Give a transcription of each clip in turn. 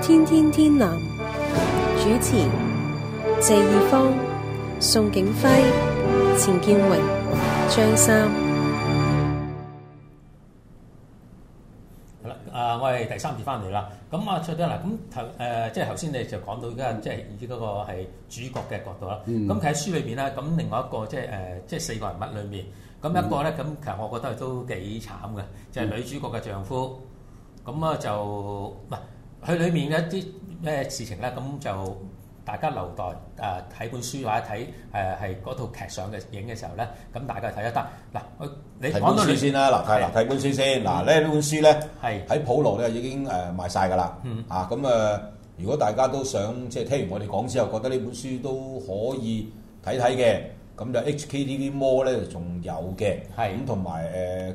天天天藍，主持謝義方，宋景輝、陳建榮、張三。係啦、嗯，啊，我哋第三次翻嚟啦。咁啊，卓咗嗱，咁頭誒，即係頭先你就講到依家，即係以嗰個係主角嘅角度啦。咁佢喺書裏邊咧，咁另外一個即係誒，即係、呃、四個人物裏面。咁、嗯、一個咧，咁其實我覺得都幾慘嘅，就係、是、女主角嘅丈夫。咁啊、嗯，就唔係佢裏面嘅一啲咩事情咧，咁就大家留待誒睇、呃、本書或者睇誒係嗰套劇上嘅影嘅時候咧，咁大家睇一睇。嗱、啊，你睇多書先啦，嗱，睇本書先。嗱咧、嗯，呢本書咧，喺普羅咧已經誒賣晒㗎啦。啊，咁啊，如果大家都想即係聽完我哋講之後，覺得呢本書都可以睇睇嘅。咁就 HKTV Mall 咧，仲有嘅，咁同埋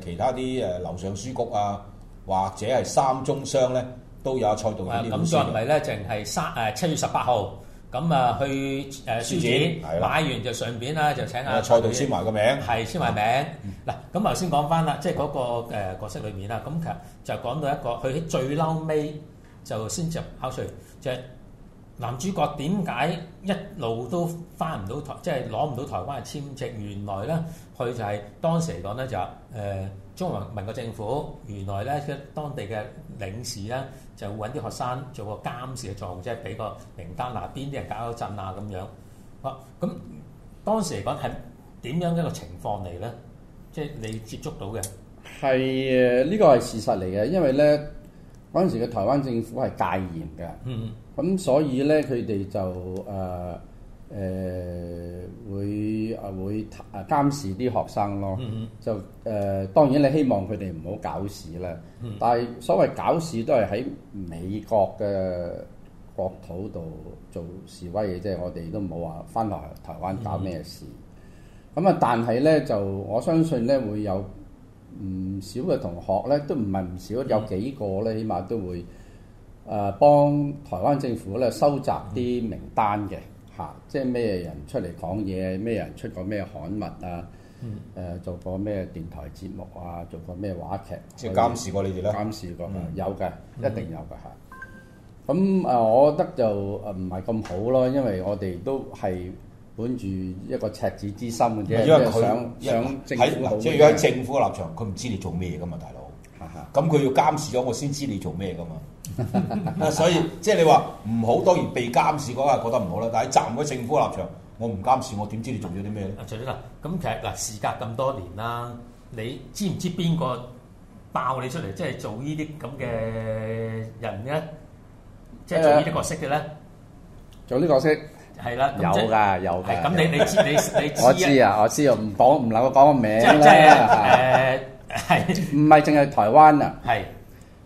誒其他啲誒樓上書局啊，或者係三中商咧，都有蔡導呢啲。咁再唔係咧，淨係三誒七月十八號，咁啊去誒書展買完就順便啦，就請下蔡導簽埋個名，係簽埋名。嗱，咁頭先講翻啦，即係嗰個誒角色裏面啦，咁其實就講到一個，佢最嬲尾就先著口水即。男主角點解一路都翻唔到台，即係攞唔到台灣嘅簽證？原來咧，佢就係當時嚟講咧，就、呃、誒，中華民國政府，原來咧，當地嘅領事咧，就揾啲學生做個監視嘅任務，即係俾個名單，嗱邊啲人搞搞震啊咁樣。哇、嗯！咁當時嚟講係點樣一個情況嚟咧？即、就、係、是、你接觸到嘅係誒，呢、這個係事實嚟嘅，因為咧嗰陣時嘅台灣政府係戒嚴嘅。嗯。咁所以咧，佢哋就誒誒、呃呃、會啊會誒監視啲學生咯，嗯嗯就誒、呃、當然你希望佢哋唔好搞事啦。嗯嗯但係所謂搞事都係喺美國嘅國土度做示威嘅啫，即係我哋都冇話翻台台灣搞咩事。咁啊、嗯嗯，但係咧就我相信咧會有唔少嘅同學咧，都唔係唔少，有幾個咧，起碼都會。誒幫台灣政府咧收集啲名單嘅嚇，即係咩人出嚟講嘢，咩人出過咩刊物啊？誒做過咩電台節目啊？做過咩話劇？即係監視過你哋啦？監視過有嘅，一定有嘅嚇。咁啊，我覺得就唔係咁好咯，因為我哋都係本住一個赤子之心嘅啫，即係想想政府立。如果喺政府嘅立場，佢唔知你做咩嘅嘛，大佬。咁佢要監視咗我，我先知你做咩噶嘛，所以即係你話唔好，當然被監視嗰下覺得唔好啦。但係站喺政府立場，我唔監視我點知你做咗啲咩咧？啊，徐先生，咁其實嗱，事隔咁多年啦，你知唔知邊個爆你出嚟，即係做呢啲咁嘅人咧？即係做呢啲角色咧？做呢角色係啦，有噶有。係咁，你你知你你知啊？我知啊，我知啊，唔講唔能夠講個名啦。即係誒。係，唔係淨係台灣啊？係，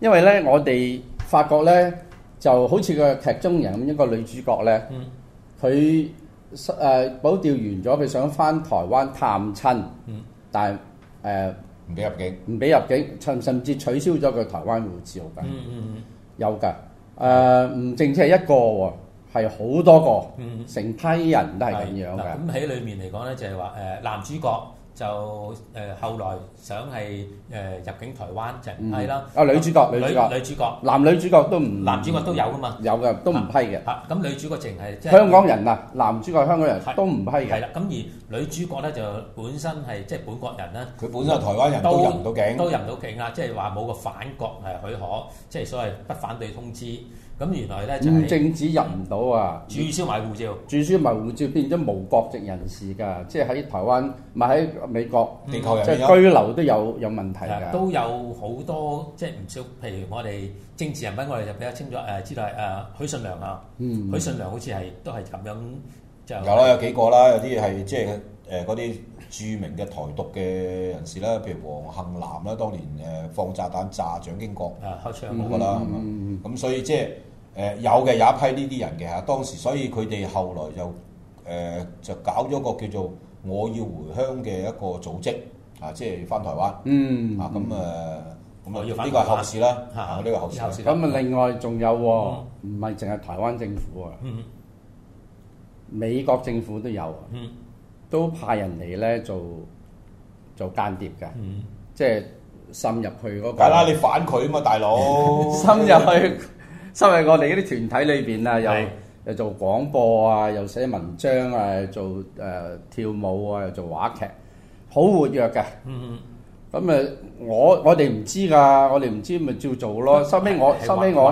因為咧，我哋發覺咧，就好似個劇中人咁，一個女主角咧，佢誒保釣完咗，佢想翻台灣探親，但係誒唔俾入境，唔俾入境，甚甚至取消咗佢台灣護照㗎。嗯嗯嗯，有㗎，誒唔淨止係一個喎，係好多個，成批人都係咁樣嘅。咁喺裏面嚟講咧，就係話誒男主角。就誒後來想係誒入境台灣就係咯，啊女主角，女女主角，男女主角，主角都唔，男主角都有㗎嘛，有嘅都唔批嘅。嚇、啊，咁、啊呃、女主角淨係香港人啊，呃、男主角香港人是都唔批嘅。係啦，咁而女主角咧就本身係即係本國人啦，佢本身係台灣人都入唔到境，都入唔到境啦，即係話冇個反國誒許可，即係所謂不反對通知。咁原來咧，就政治入唔到啊！註銷埋護照，註銷埋護照，變咗無國籍人士㗎。即係喺台灣，唔係喺美國，地球人即係居留都有有問題㗎。都有好多即係唔少，譬如我哋政治人物，我哋就比較清楚誒，知道係誒許信良啊，許信良好似係都係咁樣。有啦，有幾個啦，有啲係即係誒嗰啲著名嘅台獨嘅人士啦，譬如黃杏南啦，當年誒放炸彈炸蔣經國，開槍冇㗎啦，咁所以即係。誒有嘅有一批呢啲人嘅嚇，當時所以佢哋後來就誒、呃、就搞咗個叫做我要回鄉嘅一個組織啊，即係翻台灣。嗯，啊咁誒，咁啊呢個後事啦，啊呢個後事。咁啊，另外仲有唔係淨係台灣政府啊，嗯 um, 美國政府都有、啊，嗯、都派人嚟咧做做間諜嘅，即係滲入去嗰個。係啦，你反佢啊嘛，大佬滲入去。收喺我哋嗰啲團體裏邊啊，又是的 又做廣播啊，又寫文章啊，做誒、呃、跳舞啊，又做話劇，好活躍嘅、嗯。嗯嗯。咁誒，我我哋唔知㗎，我哋唔知咪照做咯。收尾我收尾我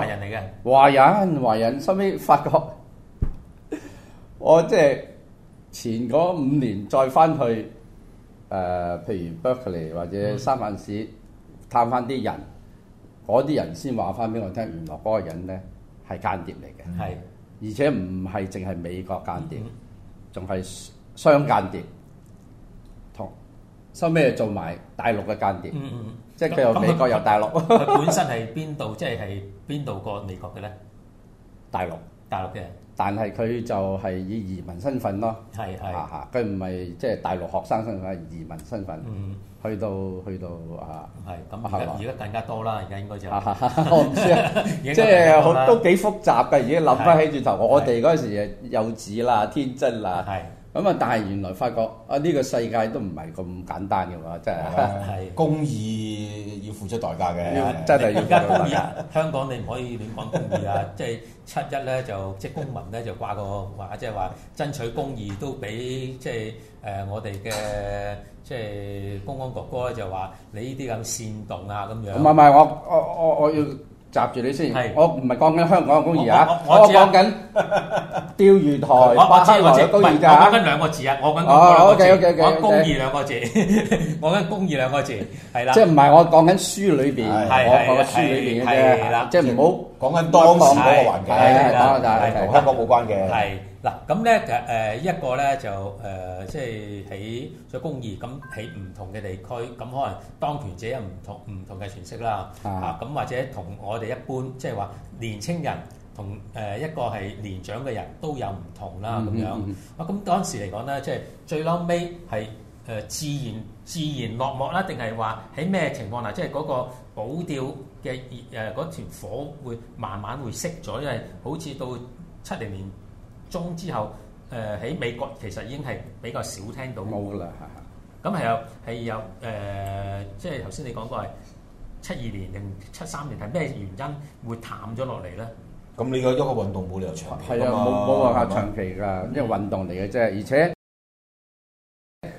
華人華人，收尾發覺我即係前嗰五年再翻去誒、呃，譬如 Berkeley 或者三藩市探翻啲人。嗰啲人先話翻俾我聽，原來嗰個人咧係間諜嚟嘅，係是而且唔係淨係美國間諜，仲係、嗯嗯、雙間諜，同收尾做埋大陸嘅間諜，嗯嗯即係佢又美國又大陸。佢 本身係邊度？即係係邊度過美國嘅咧？大陸。大陸嘅，但係佢就係以移民身份咯，係係是是、啊，佢唔係即係大陸學生身份，移民身份，嗯去，去到去到啊，係，咁而家而家更加多啦，而家應該就， 我唔知， 即係都幾複雜嘅，已經諗翻起轉頭，是是我哋嗰陣時啊幼稚啦，天真啦，係。是是 咁啊！但係原來發覺啊，呢、這個世界都唔係咁簡單嘅話，真係公義要付出代價嘅，真係而家公義啊！香港你唔可以亂講公義啊！ 即係七一咧，就即公民咧就掛個話，即係話爭取公義都俾即係誒、呃、我哋嘅即係公安哥哥咧就話你呢啲咁煽動啊咁樣。唔係唔係，我我我我,我要。我唔係講緊香港嘅公義啊，我講緊釣魚台、白鶴或者公義啫嚇。我講緊兩個字啊，我講緊公義兩個字，我講公義兩個字，係啦。即係唔係我講緊書裏邊，我講緊書裏邊嘅啫，即係唔好講緊當時個環境，係啦，係同香港冇關嘅。嗱，咁咧就誒一個咧就誒，即係喺做公義，咁喺唔同嘅地區，咁可能當權者有唔同唔同嘅詮釋啦，嚇咁或者同我哋一般，即係話年青人同誒一個係年長嘅人都有唔同啦，咁樣。啊，咁當時嚟講咧，即係最嬲尾係誒自然自然落幕啦，定係話喺咩情況嗱？即係嗰個保釣嘅熱誒嗰團火會慢慢會熄咗，因為好似到七零年中之後，誒、呃、喺美國其實已經係比較少聽到冇㗎啦，係咁係有係有誒、呃，即係頭先你講過係七二年定七三年，係咩原因會淡咗落嚟咧？咁你個一個運動冇理由長期㗎嘛？係啊，冇冇話下長期㗎，嗎因為運動嚟嘅啫，而且誒、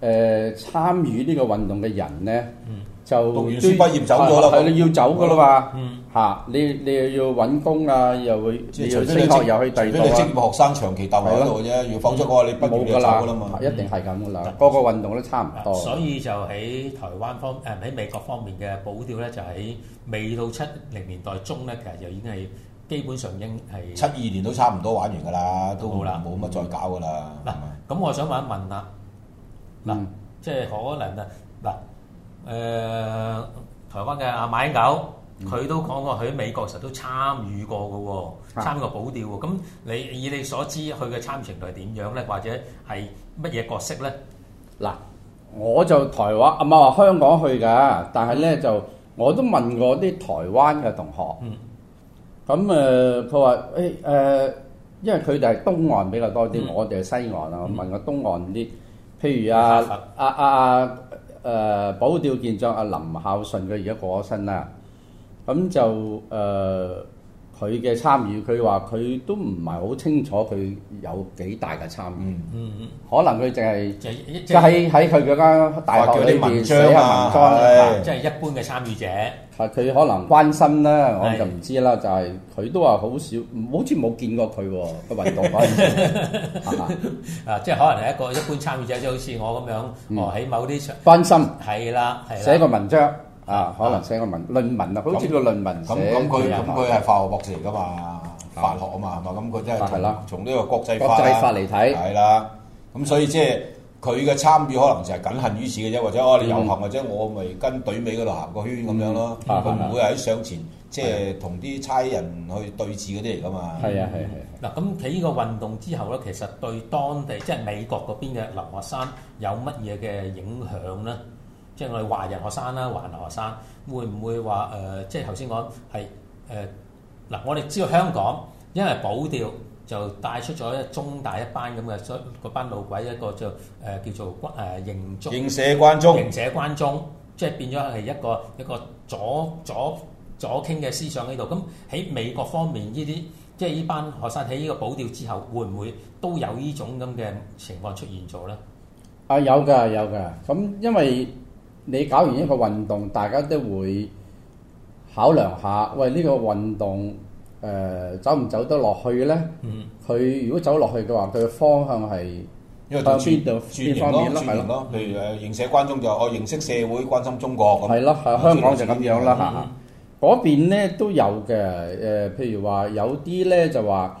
呃、參與呢個運動嘅人咧。嗯就讀完書畢業走咗啦，係你要走噶啦嘛，嚇你你又要揾工啊，又會即係隨即又去第二個啊，俾你職業學生長期逗喺度啫，要放咗個你畢業就走啦嘛，一定係咁噶啦，個個運動都差唔多。所以就喺台灣方，誒喺美國方面嘅保釣咧，就喺未到七零年代中咧，其實就已經係基本上已係七二年都差唔多玩完噶啦，都冇乜再搞噶啦。嗱咁我想問一問啦，嗱即係可能啊嗱。誒、呃，台灣嘅阿馬英九，佢、嗯、都講過佢喺美國時都參與過嘅喎，嗯、參與保釣喎。咁你以你所知，佢嘅參與程度係點樣咧？或者係乜嘢角色咧？嗱、嗯，我就台灣，唔係話香港去嘅，但係咧就我都問過啲台灣嘅同學。咁誒、嗯，佢話誒誒，因為佢哋係東岸比較多啲，嗯、我哋係西岸啊。嗯、我問過東岸啲，譬如啊啊啊。啊啊啊啊啊誒、呃、保釣健將阿林孝信佢而家過咗身啦，咁、嗯、就誒。呃佢嘅參與，佢話佢都唔係好清楚，佢有幾大嘅參與。嗯嗯，嗯嗯，可能佢淨係即喺喺佢嗰間大學裏邊寫下文章，即係一般嘅參與者。係佢可能關心啦，我就唔知啦。就係佢都話好少，好似冇見過佢個運動嗰陣，啊，即係可能係一個一般參與者，即好似我咁樣，哦喺某啲場關心係啦，寫個文章。啊，可能寫個文論文啦，好似個論文寫咁咁佢咁佢係法學博士嚟噶嘛，法學啊嘛，咁佢真係從呢個國際法嚟睇，係啦。咁所以即係佢嘅參與可能就係僅限於此嘅啫，或者哦你遊行或者我咪跟隊尾嗰度行個圈咁樣咯，佢唔會喺上前即係同啲差人去對峙嗰啲嚟噶嘛。係啊係係。嗱咁喺呢個運動之後咧，其實對當地即係美國嗰邊嘅留學生有乜嘢嘅影響咧？即係我哋華人學生啦，華人學生會唔會話誒、呃？即係頭先講係誒嗱，我哋知道香港因為保釣就帶出咗一中大一班咁嘅嗰班老鬼一個就誒、呃、叫做關誒認中認社關中認社關中，即係變咗係一個一個左左左傾嘅思想喺度。咁喺美國方面呢啲即係呢班學生喺呢個保釣之後，會唔會都有呢種咁嘅情況出現咗咧？啊，有㗎，有㗎。咁因為你搞完一個運動，大家都會考量下，喂呢、呢個運動誒、呃、走唔走得落去咧？嗯，佢如果走落去嘅話，佢嘅方向係因轉變咯，轉型咯。譬型吧如誒認社關中就哦認識社會關心中國，係啦、嗯，係香港就咁樣啦嚇。嗰、嗯啊啊、邊咧都有嘅誒，譬、呃、如話有啲咧就話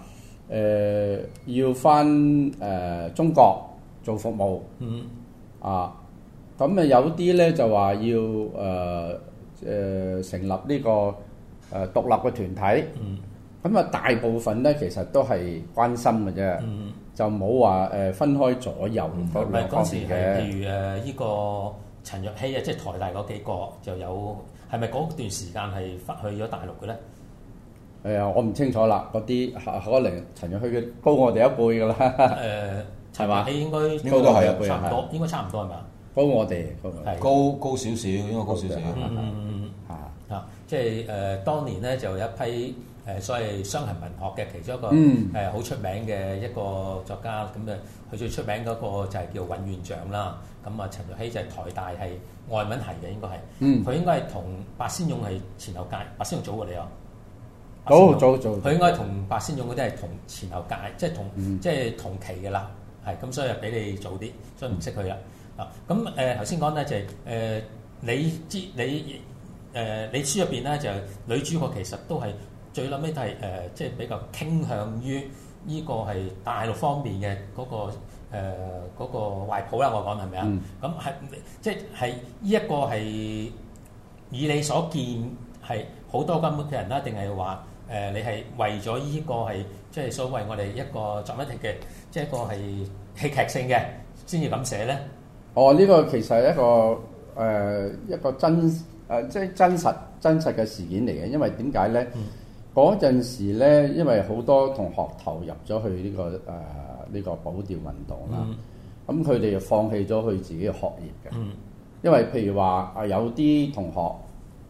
誒要返誒中國做服務，嗯啊。咁啊有啲咧就話要誒誒、呃呃、成立呢、呢個誒、呃、獨立嘅團體，咁啊、嗯、大部分咧其實都係關心嘅啫，嗯、就冇話誒分開左右唔同嘅。唔係當時係譬如誒依個陳若曦，啊，即係台大嗰幾個就有，係咪嗰段時間係翻去咗大陸嘅咧？誒、嗯、我唔清楚啦，嗰啲可能陳若曦嘅高我哋一輩㗎啦。誒、嗯呃、陳若曦應該高應該都係一輩，差唔多應該差唔多係嘛？高我哋高、啊、高少少，應該高少少嚇。啊、mm, mm, mm，即係誒，當年咧就有一批誒，所謂傷痕文學嘅其中一個誒，好出名嘅一,一個作家。咁誒，佢最出名嗰個就係叫尹縣長啦。咁啊，陳若曦就係台大係外文系嘅，應該係。佢應該係同白先勇係前後屆白，白先勇早過你啊？早早早。佢應該係同白先勇嗰啲係同前後屆，即係同即係同期嘅啦。係咁，所以俾你早啲，所以唔識佢啦。嗱，咁誒頭先講咧，就係誒你知你誒你書入邊咧，就女主角其實都係最撚尾都係誒，即、呃、係、就是、比較傾向於呢個係大陸方面嘅嗰、那個誒嗰個懷抱啦。我講係咪啊？咁係即係呢一個係以你所見係好多根本嘅人啦，定係話誒你係為咗呢個係即係所謂我哋一個作品型嘅，即、就、係、是、一個係戲劇性嘅先至咁寫咧？哦、呢、這個其實係一個誒、呃、一個真誒、呃、即係真實真實嘅事件嚟嘅，因為點解咧？嗰陣、嗯、時咧，因為好多同學投入咗去呢個誒呢、呃這個保釣運動啦，咁佢哋就放棄咗佢自己嘅學業嘅。因為譬如話、呃嗯、啊，有啲同學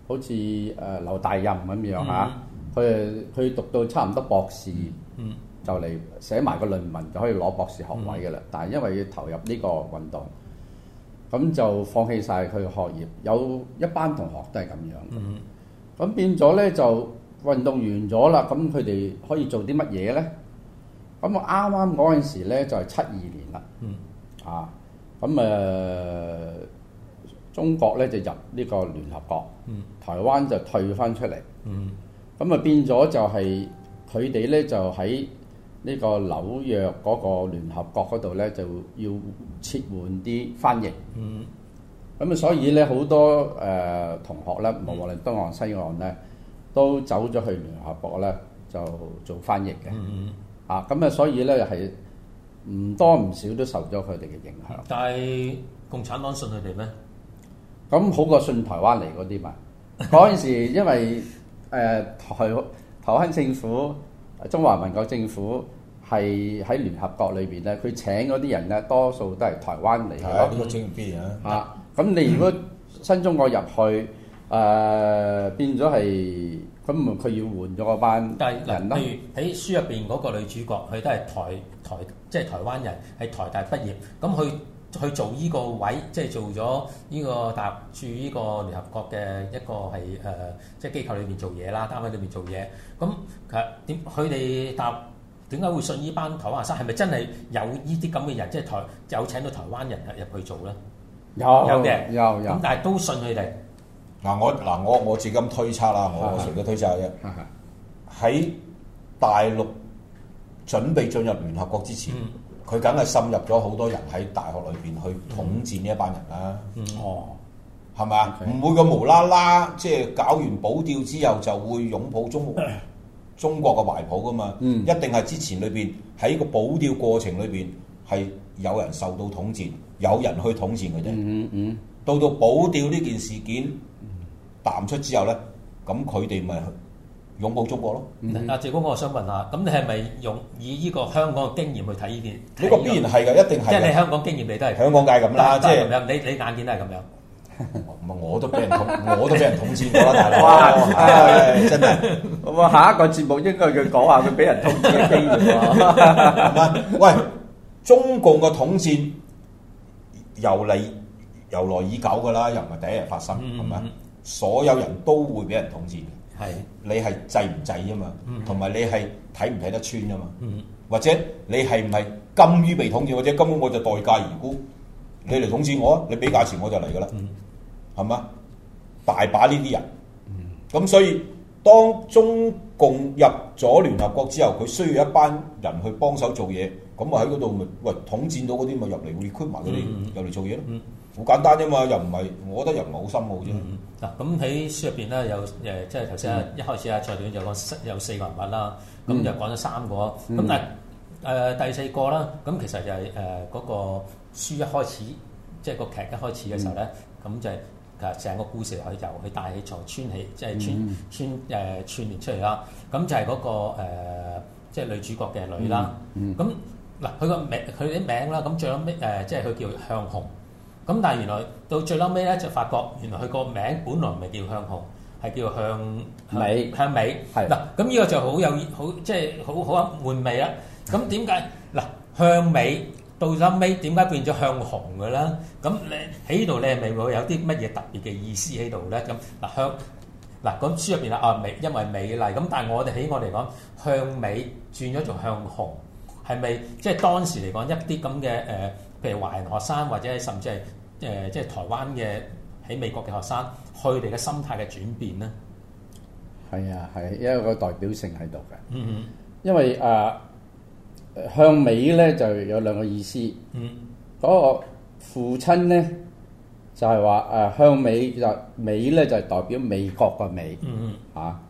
好似誒劉大任咁樣嚇，佢誒佢讀到差唔多博士，嗯、就嚟寫埋個論文就可以攞博士學位嘅啦。嗯、但係因為要投入呢個運動。咁就放棄晒佢嘅學業，有一班同學都係咁樣。咁、嗯、變咗咧就運動完咗啦，咁佢哋可以做啲乜嘢咧？咁我啱啱嗰陣時咧就係七二年啦。嗯、啊，咁誒、呃、中國咧就入呢個聯合國，嗯、台灣就退翻出嚟。咁啊、嗯、變咗就係佢哋咧就喺呢個紐約嗰個聯合國嗰度咧，就要切換啲翻譯、嗯呃嗯。嗯。咁啊，所以咧好多誒同學咧，無論東岸西岸咧，都走咗去聯合國咧，就做翻譯嘅。嗯嗯。啊，咁啊，所以咧係唔多唔少都受咗佢哋嘅影響。但係共產黨信佢哋咩？咁、嗯、好過信台灣嚟嗰啲嘛。嗰陣 時因為誒、呃、台台灣政府。中華民國政府係喺聯合國裏邊咧，佢請嗰啲人咧，多數都係台灣嚟嘅。係、嗯，邊個啊？嚇、嗯！咁你如果新中國入去，誒、呃、變咗係，咁佢要換咗嗰班人咯？例如喺書入邊嗰個女主角，佢都係台台，即係、就是、台灣人，喺台大畢業，咁佢。去做呢個位，即係做咗呢個大陸駐呢個聯合國嘅一個係誒、呃，即係機構裏面做嘢啦，單位裏面做嘢。咁其實點佢哋大陸點解會信呢班台灣生？係咪真係有呢啲咁嘅人？即係台有請到台灣人入去做咧有的？有有嘅有有。咁但係都信佢哋。嗱、啊、我嗱、啊、我我自己咁推測啦，我我純都推測啫。喺大陸準備進入聯合國之前。嗯佢梗係滲入咗好多人喺大學裏邊去統戰呢一班人啦，嗯、哦，係咪啊？唔 Okay. 會咁無啦啦，即、就、係、是、搞完保釣之後就會擁抱中國中國嘅懷抱噶嘛，嗯、一定係之前裏邊喺個保釣過程裏邊係有人受到統戰，有人去統戰佢哋，嗯嗯嗯、到到保釣呢件事件淡出之後咧，咁佢哋咪。擁抱中國咯、嗯啊！阿謝哥。我想問下，咁你係咪用以呢個香港嘅經驗去睇呢啲？呢個必然係㗎，一定係。即係你香港經驗你都係香港界咁啦，即係 你你眼見都係咁樣。唔係我都俾人統，我都俾人，人統戰過啦，大佬、 哎！真係。我下一個節目應該要講下佢俾人統戰嘅經驗。喂，中共嘅統戰由嚟由來已久㗎啦，又唔係第一日發生，係咪？ 所有人都會俾人統戰。係、哎、你係制唔制啊嘛，同埋你係睇唔睇得穿啊嘛，或者你係唔係甘於被統治，或者根本我就代價而沽，你嚟統治我啊，你俾價錢我就嚟㗎喇，係嘛？大把呢啲人，咁所以當中共入咗聯合國之後，佢需要一班人去幫手做嘢。咁啊喺嗰度咪，喂統戰到嗰啲咪入嚟，recruit 埋嗰啲入嚟做嘢咯，好簡單啫嘛，又唔係，我覺得又唔係好深奧啫。嗱，咁喺書入邊咧，有誒，即係頭先一開始啊，蔡導就講有四個人物啦，咁就講咗三個，咁但係誒第四個啦，咁其實就係誒嗰個書一開始，即係個劇一開始嘅時候咧，咁就係其實成個故事係由佢大氣場穿起，即係穿穿誒串連出嚟啦。咁就係嗰個即係女主角嘅女啦，咁。嗱，佢個名佢啲名啦，咁最後尾，誒，即係佢叫向紅。咁但係原來到最後尾咧，就發覺原來佢個名本來唔係叫向紅，係叫向美向美。係。嗱，咁呢個就好有意好，即係好好玩味啦。咁點解嗱向美到咗尾點解變咗向紅嘅咧？咁你喺呢度你係咪有啲乜嘢特別嘅意思喺度咧？咁嗱向嗱咁書入邊啦。啊美，因為美麗。咁但係我哋喺我嚟講，向美轉咗做向紅。係咪即係當時嚟講一啲咁嘅誒，譬如華人學生或者甚至係誒、呃，即係台灣嘅喺美國嘅學生，佢哋嘅心態嘅轉變咧？係啊，係、啊、因為一個代表性喺度嘅。嗯嗯。因為誒、呃、向美咧就有兩個意思。嗯。嗰個父親咧就係話誒向美，美就美咧就係代表美國嘅美。嗯嗯。嚇、啊！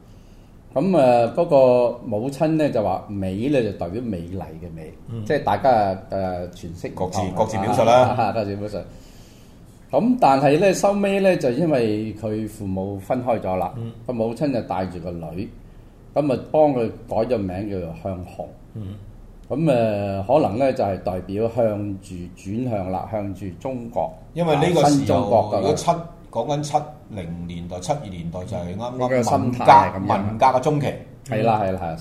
咁誒嗰個母親咧就話美咧就代表美麗嘅美，嗯、即係大家誒詮釋各自各自表述啦。各自表述。咁、啊嗯、但係咧收尾咧就因為佢父母分開咗啦，個、嗯、母親就帶住個女，咁啊幫佢改咗名叫做向紅。咁誒、嗯嗯呃、可能咧就係、是、代表向住轉向啦，向住中國。因為呢個時候新中。講緊七零年代、七二年代就係啱啱文革、文革嘅中期，係啦係啦，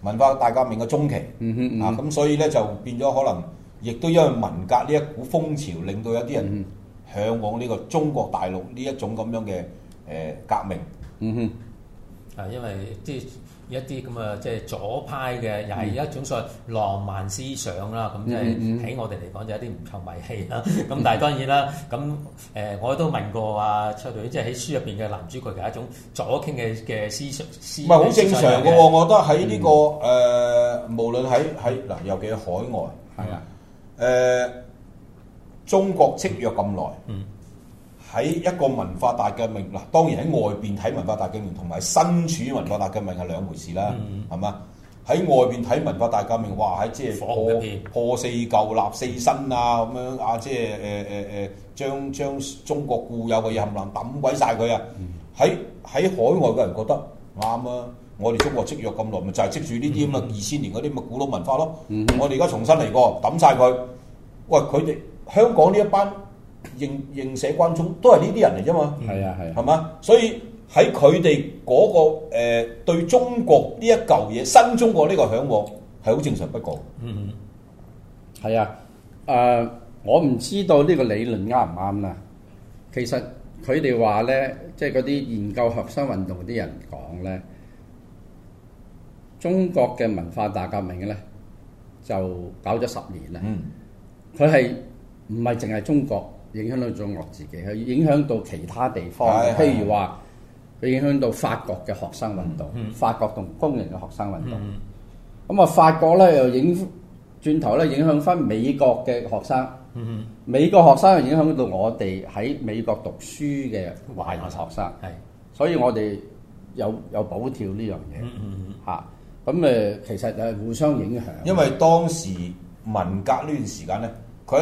文化大革命嘅中期，啊咁、嗯嗯、所以咧就變咗可能，亦都因為文革呢一股風潮，令到有啲人向往呢個中國大陸呢一種咁樣嘅誒革命，嗯哼，係因為即係。一啲咁啊，即係左派嘅，又係一種所謂浪漫思想啦。咁即係喺我哋嚟講，就一啲唔尋迷氣啦。咁但係當然啦。咁誒，我都問過啊，蔡導演即係喺書入邊嘅男主角，係一種左傾嘅嘅思想。唔係好正常嘅喎，我覺得喺呢個誒，無論喺喺嗱，尤其係海外係啊，誒中國積弱咁耐。喺一個文化大革命嗱，當然喺外邊睇文化大革命同埋身處文化大革命係兩回事啦，係嘛、嗯？喺外邊睇文化大革命，哇！喺即係破破四舊立四新啊咁樣啊，即係誒誒誒，將、啊、將、啊、中國固有嘅嘢冚唪唥抌鬼晒佢啊！喺喺海外嘅人覺得啱啊！我哋中國積弱咁耐，咪就係積住呢啲咁嘅二千年嗰啲咁嘅古老文化咯。嗯、我哋而家重新嚟過，抌晒佢。喂，佢哋香港呢一班。應應寫關中都係呢啲人嚟啫嘛，係啊係，係嘛、啊？所以喺佢哋嗰個誒、呃、對中國呢一嚿嘢新中國呢個嚮往係好正常不過。嗯哼，係啊，誒、呃，我唔知道呢個理論啱唔啱啦。其實佢哋話咧，即係嗰啲研究學生運動啲人講咧，中國嘅文化大革命咧就搞咗十年啦。嗯，佢係唔係淨係中國？影響到中國自己，去影響到其他地方。是的 譬如話，佢影響到法國嘅學生運動，是的 法國同工人嘅學生運動。咁啊，法國咧又影轉頭咧影響翻美國嘅學生。是的 美國學生又影響到我哋喺美國讀書嘅華人學生。係，是的 所以我哋有有補跳呢樣嘢。嚇，咁誒，其實就係互相影響。因為當時文革呢段時間咧，佢。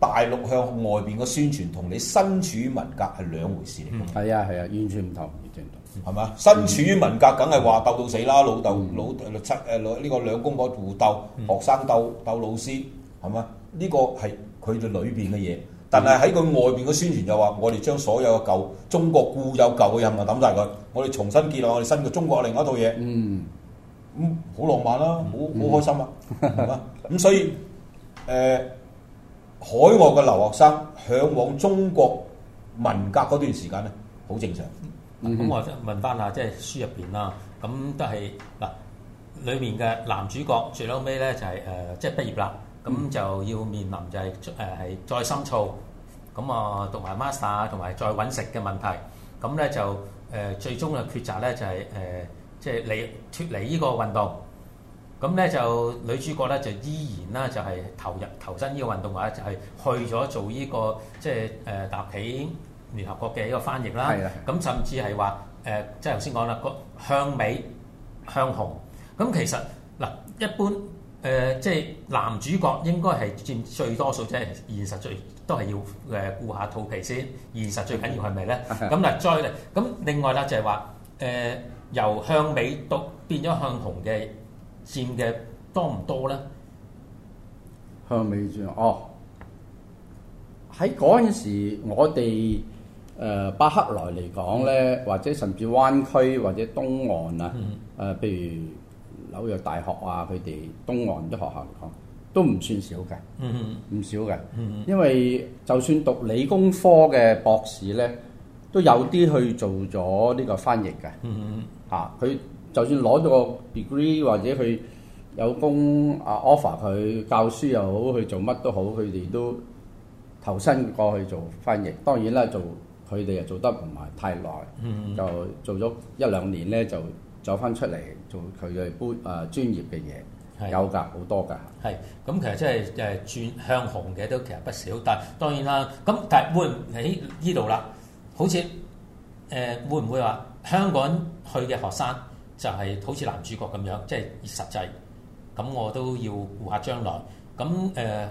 大陸向外邊嘅宣傳同你身處於文革係兩回事嚟，係啊係啊，完全唔同完全唔同，係嘛吧？身處於文革，梗係話鬥到死啦，老豆老,老七誒，呢、呃這個兩公婆互鬥,鬥，學生鬥鬥老師，係嘛？呢、這個係佢哋裏邊嘅嘢，但係喺佢外邊嘅宣傳就話，我哋將所有嘅舊中國固有舊嘅嘢冚唪唥抌曬佢，我哋重新建立我哋新嘅中國另外一套嘢，嗯，嗯，好浪漫啦、啊，好好、嗯、開心啊，係嘛、嗯？咁、 嗯、所以誒。呃海外嘅留學生向往中國文革嗰段時間咧，好正常。咁、嗯哼啊、我即係問翻下，即、就、係、是、書入邊啦，咁都係嗱，裏面嘅男主角最後尾咧就係、是、誒，即係畢業啦，咁就要面臨就係誒係再深造。咁啊讀埋 master 同埋再揾食嘅問題。咁咧就誒、呃、最終嘅抉擇咧就係、是、誒，即係離脱離呢個運動。咁咧就女主角咧就依然啦，就係投入投身依個運動或者就係去咗做呢個即係誒，搭起聯合國嘅一個翻譯啦。咁是的 甚至係話誒，即係頭先講啦，向美向紅。咁其實嗱，一般誒即係男主角應該係佔最多數，即係現實最都係要誒顧下肚皮先。現實最緊要係咪咧？咁嚟 再嚟咁，另外啦就係話誒，由向美讀變咗向紅嘅。佔嘅多唔多咧？向美魚哦，喺嗰陣時，我哋誒柏克萊嚟講咧，嗯、或者甚至灣區或者東岸啊，誒譬、嗯呃、如紐約大學啊，佢哋東岸啲學校嚟講，都唔算少嘅，唔少嘅，嗯嗯、因為就算讀理工科嘅博士咧，都有啲去做咗呢個翻譯嘅，嚇佢、嗯。嗯嗯啊。就算攞咗個 degree 或者佢有工啊 offer，佢教書又好，去做乜都好，佢哋都投身過去做翻譯，當然啦，做佢哋又做得唔係太耐，嗯、就做咗一兩年咧，就走翻出嚟做佢嘅專啊專業嘅嘢。是有噶好多噶，係，咁，其實即係誒轉向紅嘅都其實不少，但係當然啦。咁但係會唔喺呢度啦？好似誒、呃、會唔會話香港去嘅學生？就係好似男主角咁樣，即係實際。咁我都要顧下將來。咁、呃、誒，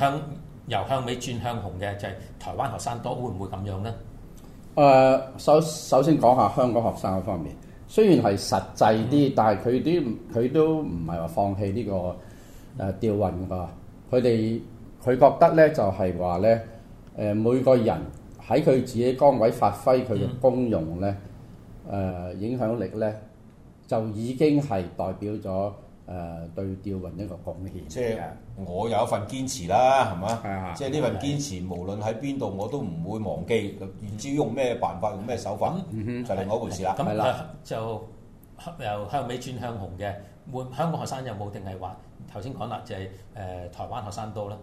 向由向美轉向紅嘅就係、是、台灣學生多，會唔會咁樣咧？誒、呃，首首先講下香港學生方面，雖然係實際啲，嗯、但係佢啲佢都唔係話放棄呢、這個誒、啊、釣運㗎。佢哋佢覺得咧就係話咧誒，每個人喺佢自己崗位發揮佢嘅功用咧誒，影響力咧。就已經係代表咗誒、呃、對釣運一個貢獻。即係我有一份堅持啦，係嘛？即係呢份堅持，的無論喺邊度我都唔會忘記。唔知用咩辦法，用咩手法，嗯、就另外一回事啦。咁啊、嗯嗯，就由向尾轉向紅嘅。香港，香港學生有冇定係話頭先講啦？就係誒台灣學生多啦。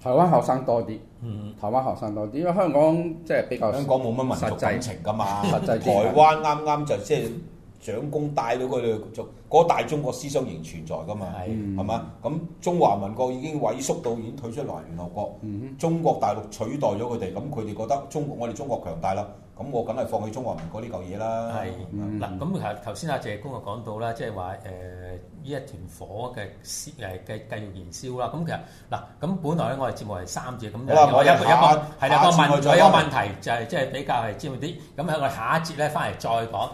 台灣學生多啲。嗯，台灣學生多啲，因為香港即係比較香港冇乜民族感情㗎嘛。實際、台灣啱啱就即、是、係。長工帶到佢哋做，嗰大中國思想仍存在㗎嘛？係的，係嘛？咁中華民國已經萎縮到已經退出來聯合國，嗯嗯，中國大陸取代咗佢哋，咁佢哋覺得中國我哋中國強大啦，咁我梗係放棄中華民國呢嚿嘢啦。係的，嗱咁頭頭先阿謝公又講到啦，即係話誒呢一團火嘅誒繼繼續燃燒啦。咁其實嗱咁本來咧，我哋節目係三節咁，我我一個一個係啦，問咗一個問題就係即係比較係尖啲，咁喺我下一節咧翻嚟再講。